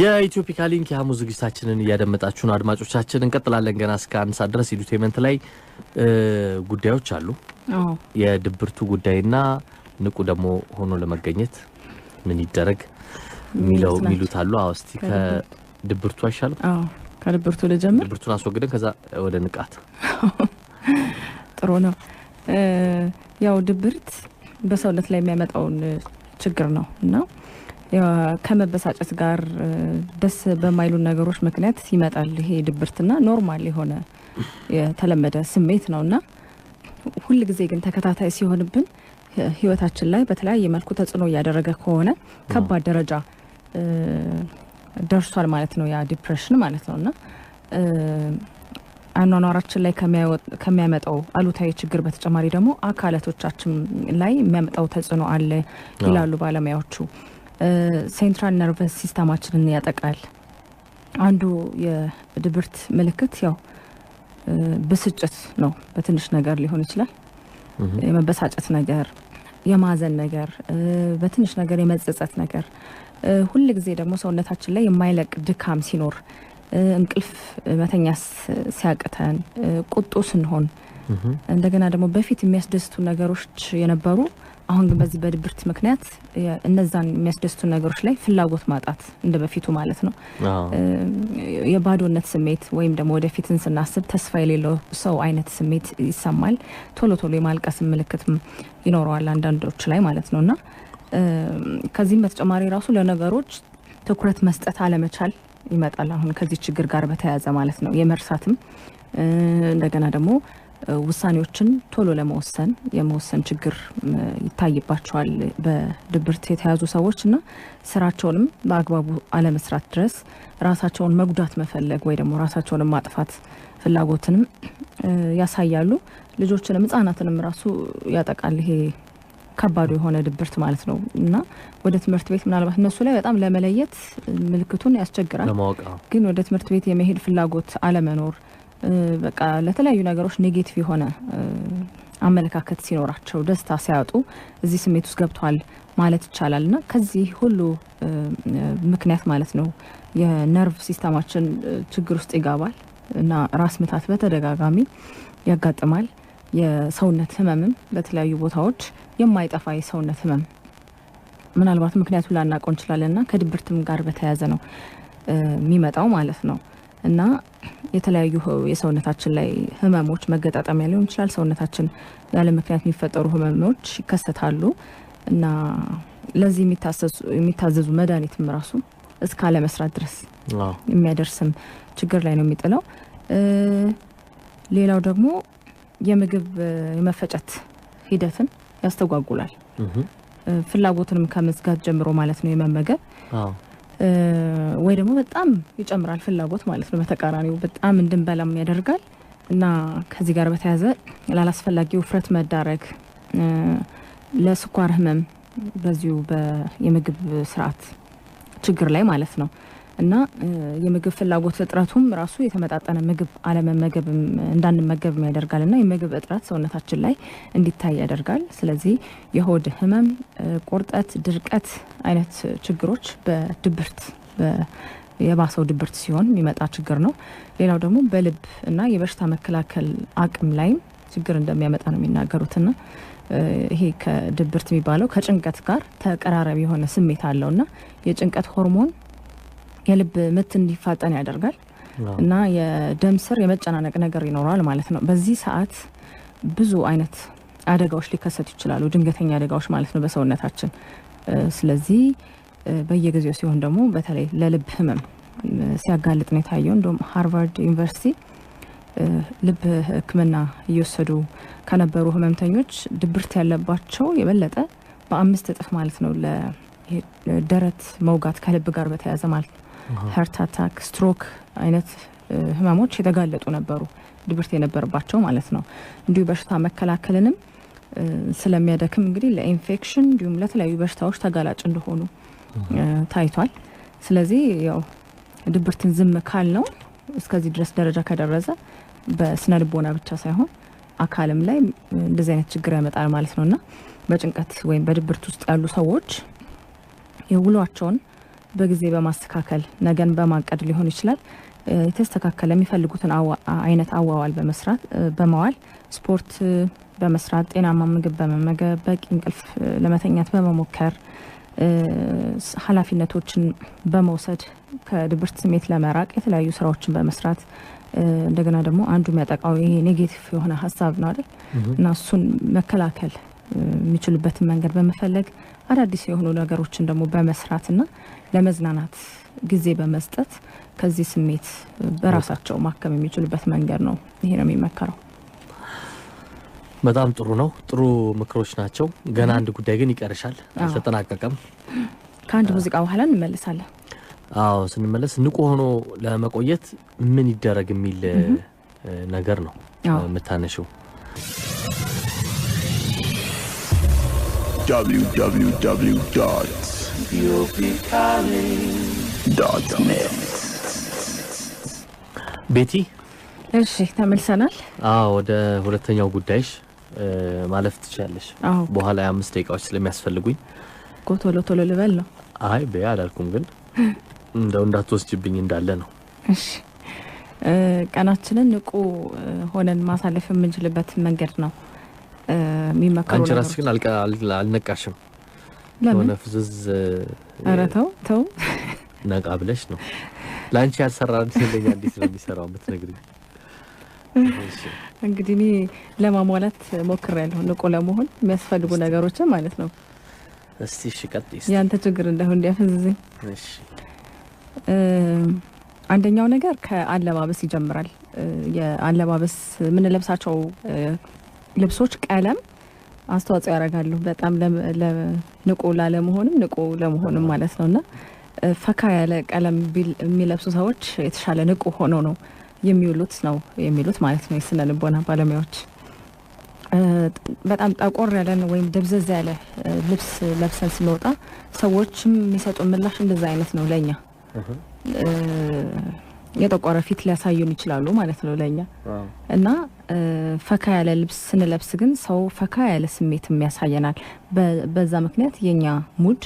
የኢትዮፒካ ሊንክ የሐሙስ ዝግጅታችንን እያደመጣችሁን አድማጮቻችን እንቀጥላለን። ገና እስከ አንድ ሰዓት ድረስ ኢዱቴመንት ላይ ጉዳዮች አሉ። የድብርቱ ጉዳይና ንቁ ደግሞ ሆኖ ለመገኘት ምን ይደረግ የሚለው የሚሉት አሉ። እስቲ ከድብርቱ አይሻልም? ከድብርቱ ልጀምር። ድብርቱን አስወግደን ከዛ ወደ ንቃት። ጥሩ ነው። ያው ድብርት በሰውነት ላይ የሚያመጣውን ችግር ነው እና ከመበሳጨት ጋር ደስ በማይሉ ነገሮች ምክንያት ይመጣል ይሄ ድብርትና ኖርማል የሆነ የተለመደ ስሜት ነውና ሁል ጊዜ ግን ተከታታይ ሲሆንብን ህይወታችን ላይ በተለያየ መልኩ ተጽዕኖ እያደረገ ከሆነ ከባድ ደረጃ ደርሷል ማለት ነው ያ ዲፕሬሽን ማለት ነውና አኗኗራችን ላይ ከሚያመጣው አሉታዊ ችግር በተጨማሪ ደግሞ አካላቶቻችን ላይ የሚያመጣው ተጽዕኖ አለ ይላሉ ባለሙያዎቹ። ሴንትራል ነርቨስ ሲስተማችንን ያጠቃል። አንዱ የድብርት ምልክት ያው ብስጭት ነው። በትንሽ ነገር ሊሆን ይችላል። የመበሳጨት ነገር፣ የማዘን ነገር፣ በትንሽ ነገር የመጸጸት ነገር፣ ሁል ጊዜ ደግሞ ሰውነታችን ላይ የማይለቅ ድካም ሲኖር፣ እንቅልፍ መተኛ ሲያቅተን፣ ቁጡ ስንሆን፣ እንደገና ደግሞ በፊት የሚያስደስቱ ነገሮች የነበሩ አሁን ግን በዚህ በድብርት ምክንያት እነዛን የሚያስደስቱ ነገሮች ላይ ፍላጎት ማጣት እንደ በፊቱ ማለት ነው። የባዶነት ስሜት ወይም ደግሞ ወደፊትን ስናስብ ተስፋ የሌለው ሰው አይነት ስሜት ይሰማል። ቶሎ ቶሎ የማልቀስ ምልክት ይኖረዋል አንዳንዶች ላይ ማለት ነው እና ከዚህም በተጨማሪ ራሱ ለነገሮች ትኩረት መስጠት አለመቻል ይመጣል። አሁን ከዚህ ችግር ጋር በተያያዘ ማለት ነው የመርሳትም እንደገና ደግሞ ውሳኔዎችን ቶሎ ለመወሰን የመወሰን ችግር ይታይባቸዋል። በድብርት የተያዙ ሰዎች እና ስራቸውንም በአግባቡ አለመስራት ድረስ ራሳቸውን መጉዳት መፈለግ ወይ ደግሞ ራሳቸውንም ማጥፋት ፍላጎትንም ያሳያሉ። ልጆችንም ህጻናትንም ራሱ ያጠቃል ይሄ ከባዱ የሆነ ድብርት ማለት ነው እና ወደ ትምህርት ቤት ምናልባት እነሱ ላይ በጣም ለመለየት ምልክቱን ያስቸግራል፣ ግን ወደ ትምህርት ቤት የመሄድ ፍላጎት አለመኖር በቃ ለተለያዩ ነገሮች ኔጌቲቭ የሆነ አመለካከት ሲኖራቸው ደስታ ሲያጡ እዚህ ስሜት ውስጥ ገብቷል ማለት ይቻላል እና ከዚህ ሁሉ ምክንያት ማለት ነው የነርቭ ሲስተማችን ችግር ውስጥ ይገባል እና ራስ ምታት በተደጋጋሚ ያጋጥማል። የሰውነት ህመምም በተለያዩ ቦታዎች የማይጠፋ የሰውነት ህመም ምናልባት ምክንያቱ ላናውቀው እንችላለን እና ከድብርትም ጋር በተያያዘ ነው የሚመጣው ማለት ነው እና የተለያዩ የሰውነታችን ላይ ህመሞች መገጣጠሚያ ሊሆን ይችላል። ሰውነታችን ያለ ምክንያት የሚፈጠሩ ህመሞች ይከሰታሉ እና ለዚህ የሚታዘዙ መድኃኒትም ራሱ እስካለ መስራት ድረስ የሚያደርስም ችግር ላይ ነው የሚጥለው። ሌላው ደግሞ የምግብ የመፈጨት ሂደትን ያስተጓጉላል። ፍላጎትንም ከመዝጋት ጀምሮ ማለት ነው የመመገብ ወይ ደግሞ በጣም ይጨምራል ፍላጎት ማለት ነው። በተቃራኒው በጣም እንድንበላም ያደርጋል እና ከዚህ ጋር በተያያዘ ላላስፈላጊ ውፍረት መዳረግ፣ ለስኳር ህመም በዚሁ የምግብ ስርዓት ችግር ላይ ማለት ነው እና የምግብ ፍላጎት እጥረቱም ራሱ የተመጣጠነ ምግብ አለመመገብ እንዳንመገብም ያደርጋል እና የምግብ እጥረት ሰውነታችን ላይ እንዲታይ ያደርጋል። ስለዚህ የሆድ ህመም፣ ቁርጠት፣ ድርቀት አይነት ችግሮች በድብርት የባሰው ድብርት ሲሆን የሚመጣ ችግር ነው። ሌላው ደግሞ በልብ እና የበሽታ መከላከል አቅም ላይም ችግር እንደሚያመጣ ነው የሚናገሩትና ይሄ ከድብርት የሚባለው ከጭንቀት ጋር ተቀራራቢ የሆነ ስሜት አለውና የጭንቀት ሆርሞን የልብ ምት እንዲፋጠን ያደርጋል እና የደም ስር የመጨናነቅ ነገር ይኖረዋል ማለት ነው። በዚህ ሰዓት ብዙ አይነት አደጋዎች ሊከሰቱ ይችላሉ፣ ድንገተኛ አደጋዎች ማለት ነው በሰውነታችን። ስለዚህ በየጊዜው ሲሆን ደግሞ በተለይ ለልብ ህመም ሲያጋልጥ ነው የታየው። እንዲሁም ሃርቫርድ ዩኒቨርሲቲ ልብ ህክምና እየወሰዱ ከነበሩ ህመምተኞች ድብርት ያለባቸው የበለጠ በአምስት እጥፍ ማለት ነው ለደረት መውጋት ከልብ ጋር በተያያዘ ማለት ነው ሀርት አታክ፣ ስትሮክ አይነት ህመሞች የተጋለጡ ነበሩ። ድብርት የነበረባቸው ማለት ነው። እንዲሁ በሽታ መከላከልንም ስለሚያደክም እንግዲህ ለኢንፌክሽን እንዲሁም ለተለያዩ በሽታዎች ተጋላጭ እንደሆኑ ታይቷል። ስለዚህ ያው ድብርትን ዝም ካል ነው እስከዚህ ድረስ ደረጃ ከደረሰ በስነ ልቦና ብቻ ሳይሆን አካልም ላይ እንደዚህ አይነት ችግር ያመጣል ማለት ነው እና በጭንቀት ወይም በድብርት ውስጥ ያሉ ሰዎች የውሏቸውን በጊዜ በማስተካከል ነገን በማቀድ ሊሆን ይችላል። የተስተካከለ የሚፈልጉትን አይነት አዋዋል በመስራት በመዋል ስፖርት በመስራት ጤናማ ምግብ በመመገብ በቂ እንቅልፍ ለመተኛት በመሞከር ኃላፊነቶችን በመውሰድ ከድብርት ስሜት ለመራቅ የተለያዩ ስራዎችን በመስራት እንደገና ደግሞ አንዱ የሚያጠቃው ይሄ ኔጌቲቭ የሆነ ሀሳብ ነው አይደል እና እሱን መከላከል የሚችሉበትን መንገድ በመፈለግ አዳዲስ የሆኑ ነገሮችን ደግሞ በመስራትና ለመዝናናት ጊዜ በመስጠት ከዚህ ስሜት በራሳቸው ማከም የሚችሉበት መንገድ ነው። ይሄ ነው የሚመከረው። በጣም ጥሩ ነው። ጥሩ ምክሮች ናቸው። ገና አንድ ጉዳይ ግን ይቀርሻል፣ አልተጠናቀቀም። ከአንድ ሙዚቃ በኋላ እንመልሳለን። አዎ፣ ስንመለስ ንቁ ሆኖ ለመቆየት ምን ይደረግ የሚል ነገር ነው የምታነሽው። www.ዮፒካሬ.net ቤቲ፣ እሺ ተመልሰናል። አዎ ወደ ሁለተኛው ጉዳይሽ ማለፍ ትችላለሽ። በኋላ የአምስት ደቂቃዎች ስለሚያስፈልጉኝ ጎቶሎ ቶሎ ቶሎ ልበል ነው። አይ በ አላልኩም፣ ግን እንደው እንዳትወስጅብኝ እንዳለ ነው። እሺ ቀናችንን ንቁ ሆነን ማሳለፍ የምንችልበት መንገድ ነው የሚመከሩ አንቺ ራስሽ ግን አልነቃሽም። ለምን ፍዝዝ? ኧረ ተው ተው፣ ነቃ ብለሽ ነው። ለአንቺ ያልሰራ ለኛ እንዴት ነው የሚሰራው የምትነግሪኝ? እንግዲህ እኔ ለማሟላት ሞክሬያለሁ፣ ንቁ ለመሆን የሚያስፈልጉ ነገሮችን ማለት ነው። እስቲ እሺ፣ ቀጥይ። ያንተ ችግር እንደሁ እንዲያፈዝዝኝ። እሺ፣ አንደኛው ነገር ከአለባበስ ይጀምራል። የአለባበስ የምንለብሳቸው ልብሶች ቀለም አስተዋጽኦ ያደርጋሉ። በጣም ንቁ ላለመሆንም ንቁ ለመሆንም ማለት ነው እና ፈካ ያለ ቀለም የሚለብሱ ሰዎች የተሻለ ንቁ ሆነው ነው የሚውሉት ነው የሚሉት ማለት ነው የስነ ልቦና ባለሙያዎች። በጣም ጠቆር ያለን ወይም ደብዘዝ ያለ ልብስ ለብሰን ስንወጣ ሰዎችም የሚሰጡ ምላሽ እንደዛ አይነት ነው ለእኛ የጠቆረ ፊት ሊያሳዩን ይችላሉ ማለት ነው ለእኛ እና ፈካ ያለ ልብስ ስንለብስ ግን ሰው ፈካ ያለ ስሜትም ያሳየናል። በዛ ምክንያት የኛ ሙድ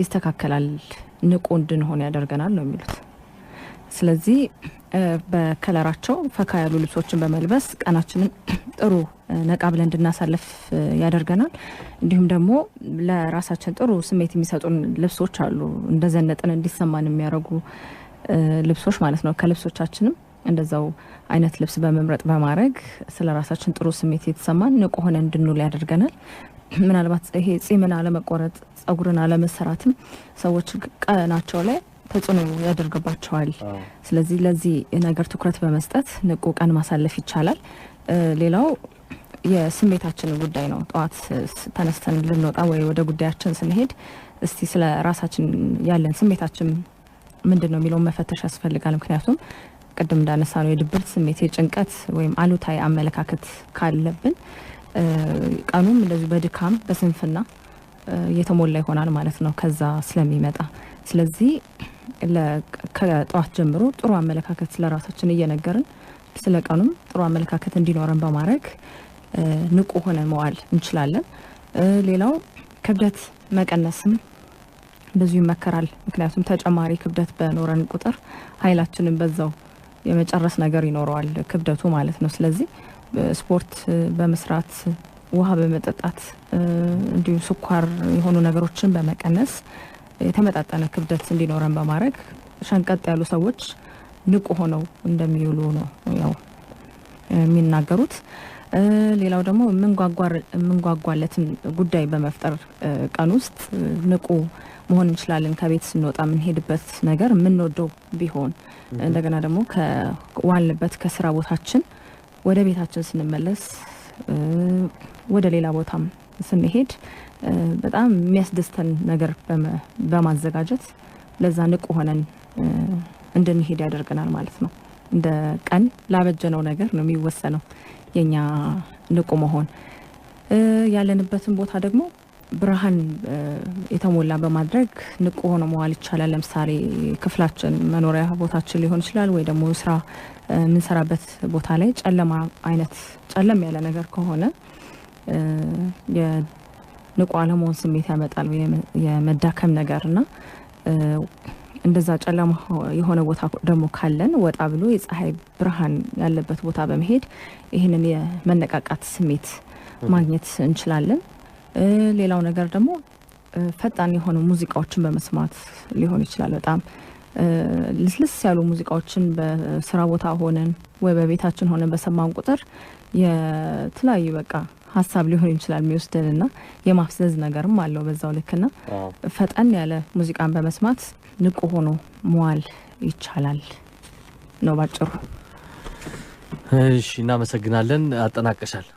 ይስተካከላል፣ ንቁ እንድንሆን ያደርገናል ነው የሚሉት። ስለዚህ በከለራቸው ፈካ ያሉ ልብሶችን በመልበስ ቀናችንን ጥሩ ነቃ ብለን እንድናሳልፍ ያደርገናል። እንዲሁም ደግሞ ለራሳችን ጥሩ ስሜት የሚሰጡን ልብሶች አሉ፣ እንደዘነጥን እንዲሰማን የሚያደርጉ ልብሶች ማለት ነው። ከልብሶቻችንም እንደዛው አይነት ልብስ በመምረጥ በማድረግ ስለ ራሳችን ጥሩ ስሜት የተሰማን ንቁ ሆነ እንድንውል ያደርገናል። ምናልባት ይሄ ጺምን አለመቆረጥ፣ ጸጉርን አለመሰራትም ሰዎች ቀናቸው ላይ ተጽዕኖ ያደርግባቸዋል። ስለዚህ ለዚህ ነገር ትኩረት በመስጠት ንቁ ቀን ማሳለፍ ይቻላል። ሌላው የስሜታችን ጉዳይ ነው። ጠዋት ተነስተን ልንወጣ ወይ ወደ ጉዳያችን ስንሄድ እስቲ ስለ ራሳችን ያለን ስሜታችን ምንድን ነው የሚለውን መፈተሽ ያስፈልጋል። ምክንያቱም ቅድም እንዳነሳ ነው የድብርት ስሜት፣ የጭንቀት ወይም አሉታዊ አመለካከት ካለብን ቀኑም እንደዚሁ በድካም በስንፍና የተሞላ ይሆናል ማለት ነው ከዛ ስለሚመጣ። ስለዚህ ከጠዋት ጀምሮ ጥሩ አመለካከት ለራሳችን እየነገርን ስለ ቀኑም ጥሩ አመለካከት እንዲኖረን በማድረግ ንቁ ሆነን መዋል እንችላለን። ሌላው ክብደት መቀነስም ብዙ ይመከራል። ምክንያቱም ተጨማሪ ክብደት በኖረን ቁጥር ኃይላችንን በዛው የመጨረስ ነገር ይኖረዋል ክብደቱ ማለት ነው። ስለዚህ ስፖርት በመስራት ውሃ በመጠጣት እንዲሁ ስኳር የሆኑ ነገሮችን በመቀነስ የተመጣጠነ ክብደት እንዲኖረን በማድረግ ሸንቀጥ ያሉ ሰዎች ንቁ ሆነው እንደሚውሉ ነው ያው የሚናገሩት። ሌላው ደግሞ የምንጓጓለትን ጉዳይ በመፍጠር ቀን ውስጥ ንቁ መሆን እንችላለን። ከቤት ስንወጣ የምንሄድበት ነገር የምንወደው ቢሆን እንደገና ደግሞ ከዋልንበት ከስራ ቦታችን ወደ ቤታችን ስንመለስ ወደ ሌላ ቦታም ስንሄድ በጣም የሚያስደስተን ነገር በማዘጋጀት ለዛ ንቁ ሆነን እንድንሄድ ያደርገናል ማለት ነው። እንደ ቀን ላበጀነው ነገር ነው የሚወሰነው። የኛ ንቁ መሆን ያለንበትን ቦታ ደግሞ ብርሃን የተሞላ በማድረግ ንቁ ሆኖ መዋል ይቻላል። ለምሳሌ ክፍላችን፣ መኖሪያ ቦታችን ሊሆን ይችላል ወይ ደግሞ ስራ የምንሰራበት ቦታ ላይ ጨለማ አይነት ጨለም ያለ ነገር ከሆነ የንቁ አለመሆን ስሜት ያመጣል፣ የመዳከም ነገር እና እንደዛ ጨለማ የሆነ ቦታ ደግሞ ካለን ወጣ ብሎ የፀሐይ ብርሃን ያለበት ቦታ በመሄድ ይህንን የመነቃቃት ስሜት ማግኘት እንችላለን። ሌላው ነገር ደግሞ ፈጣን የሆኑ ሙዚቃዎችን በመስማት ሊሆን ይችላል። በጣም ልስልስ ያሉ ሙዚቃዎችን በስራ ቦታ ሆነን ወይ በቤታችን ሆነን በሰማን ቁጥር የተለያዩ በቃ ሀሳብ ሊሆን ይችላል ና የማፍዘዝ ነገርም አለው በዛው ልክና ፈጠን ያለ ሙዚቃን በመስማት ንቁ ሆኖ መዋል ይቻላል ነው ባጭሩ። እሺ፣ እናመሰግናለን። አጠናቀሻል።